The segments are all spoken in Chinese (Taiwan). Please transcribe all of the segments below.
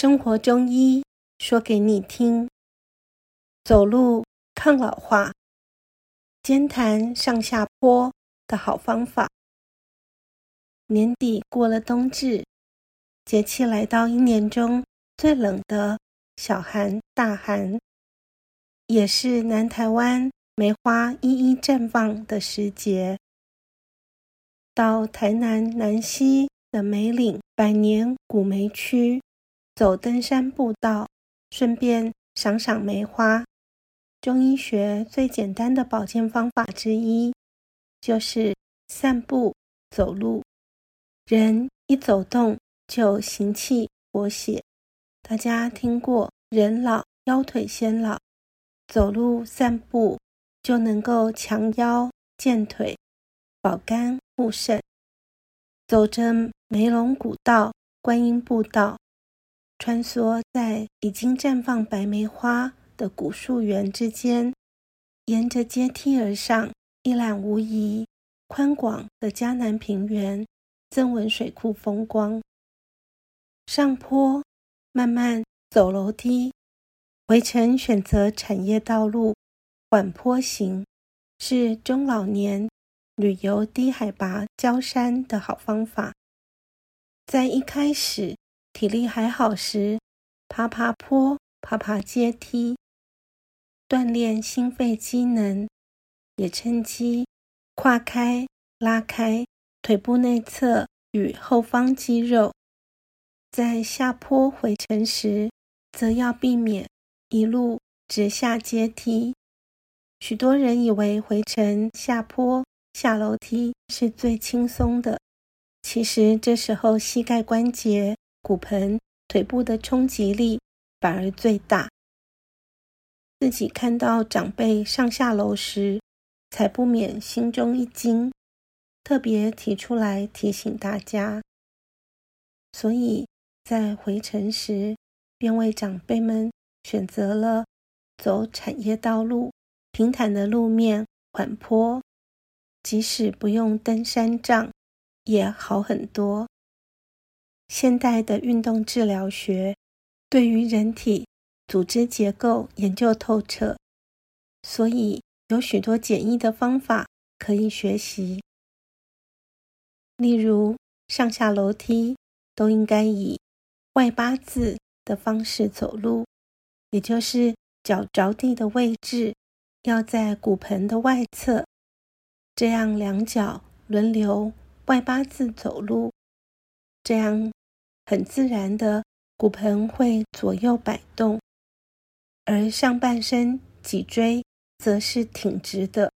生活中醫說給你聽：走路抗老化，兼談上下坡的好方法。年底過了冬至，節氣來到一年中最冷的小寒、大寒，也是南台灣梅花一一綻放的時節。到台南楠西的梅嶺百年古梅區。走登山步道，順便賞賞梅花。中醫學最簡單的保健方法之一，就是散步走路。人一走動就行氣活血。大家聽過“人老腰腿先老”，走路散步就能夠強腰健腿，保肝護腎。走着梅龍古道、觀音步道。穿梭在已經綻放白梅花的古樹園之間，沿着階梯而上，一覽無遺寬廣的嘉南平原、曾文水庫風光。上坡慢慢走樓梯，回程選擇產業道路，緩坡行，是中老年旅遊低海拔郊山的好方法。在一開始。體力還好時，爬爬坡、爬爬階梯，鍛鍊心肺機能，也趁機跨開、拉開腿部內側與後方肌肉。在下坡回程時，則要避免一路直下階梯。許多人以為回程、下坡、下樓梯是最輕鬆的，其實這時候膝蓋關節。骨盆、腿部的衝擊力反而最大。自己看到長輩上下樓時，才不免心中一驚，特別提出來提醒大家。所以，在回程時，便為長輩們選擇了走產業道路，平坦的路面、緩坡，即使不用登山杖，也好很多。現代的運動治療學對於人體組織結構研究透徹，所以有許多簡易的方法可以學習。例如，上下樓梯都應該以外八字的方式走路，也就是腳着地的位置要在骨盆的外側，這樣兩腳輪流外八字走路，這樣。很自然的，骨盆會左右擺動，而上半身脊椎則是挺直的。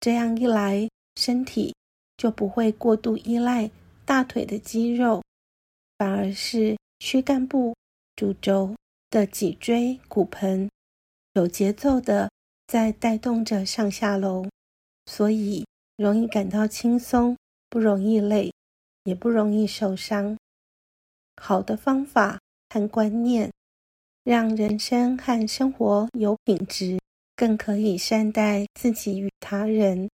這樣一來，身體就不會過度依賴大腿的肌肉，反而是軀幹部主軸的脊椎骨盆，有節奏的在帶動着上下樓，所以容易感到輕鬆，不容易累，也不容易受傷。好的方法和觀念，讓人生和生活有品質，更可以善待自己與他人。